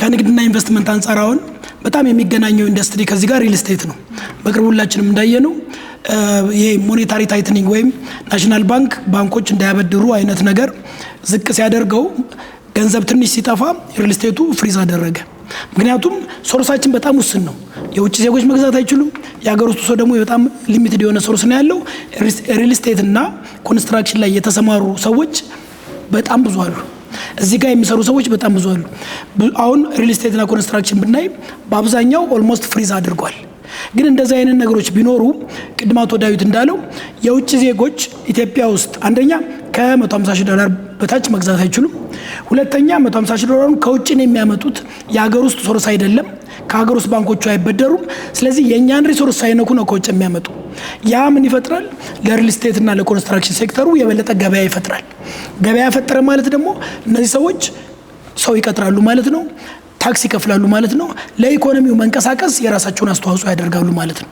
ከንግድና ኢንቨስትመንት አንጻር አሁን በጣም የሚገናኘው ኢንዱስትሪ ከዚህ ጋር ሪል ስቴት ነው። በቅርቡ ሁላችንም እንዳየነው ይሄ ሞኔታሪ ታይትኒንግ ወይም ናሽናል ባንክ ባንኮች እንዳያበድሩ አይነት ነገር ዝቅ ሲያደርገው ገንዘብ ትንሽ ሲጠፋ ሪል ስቴቱ ፍሪዝ አደረገ። ምክንያቱም ሶርሳችን በጣም ውስን ነው። የውጭ ዜጎች መግዛት አይችሉም። የሀገር ውስጡ ሰው ደግሞ በጣም ሊሚትድ የሆነ ሶርስ ነው ያለው። ሪል ስቴትና ኮንስትራክሽን ላይ የተሰማሩ ሰዎች በጣም ብዙ አሉ። እዚህ ጋር የሚሰሩ ሰዎች በጣም ብዙ አሉ። አሁን ሪል ስቴትና ኮንስትራክሽን ብናይ በአብዛኛው ኦልሞስት ፍሪዝ አድርጓል። ግን እንደዚህ አይነት ነገሮች ቢኖሩ ቅድም አቶ ዳዊት እንዳለው የውጭ ዜጎች ኢትዮጵያ ውስጥ አንደኛ ከ150 ዶላር በታች መግዛት አይችሉም። ሁለተኛ 150 ዶላሩን ከውጭ ነው የሚያመጡት፣ የሀገር ውስጥ ሶርስ አይደለም። ከሀገር ውስጥ ባንኮቹ አይበደሩም። ስለዚህ የእኛን ሪሶርስ ሳይነኩ ነው ከውጭ የሚያመጡ። ያ ምን ይፈጥራል? ለሪል ስቴትና ለኮንስትራክሽን ሴክተሩ የበለጠ ገበያ ይፈጥራል። ገበያ ፈጠረ ማለት ደግሞ እነዚህ ሰዎች ሰው ይቀጥራሉ ማለት ነው። ታክስ ይከፍላሉ ማለት ነው። ለኢኮኖሚው መንቀሳቀስ የራሳቸውን አስተዋጽኦ ያደርጋሉ ማለት ነው።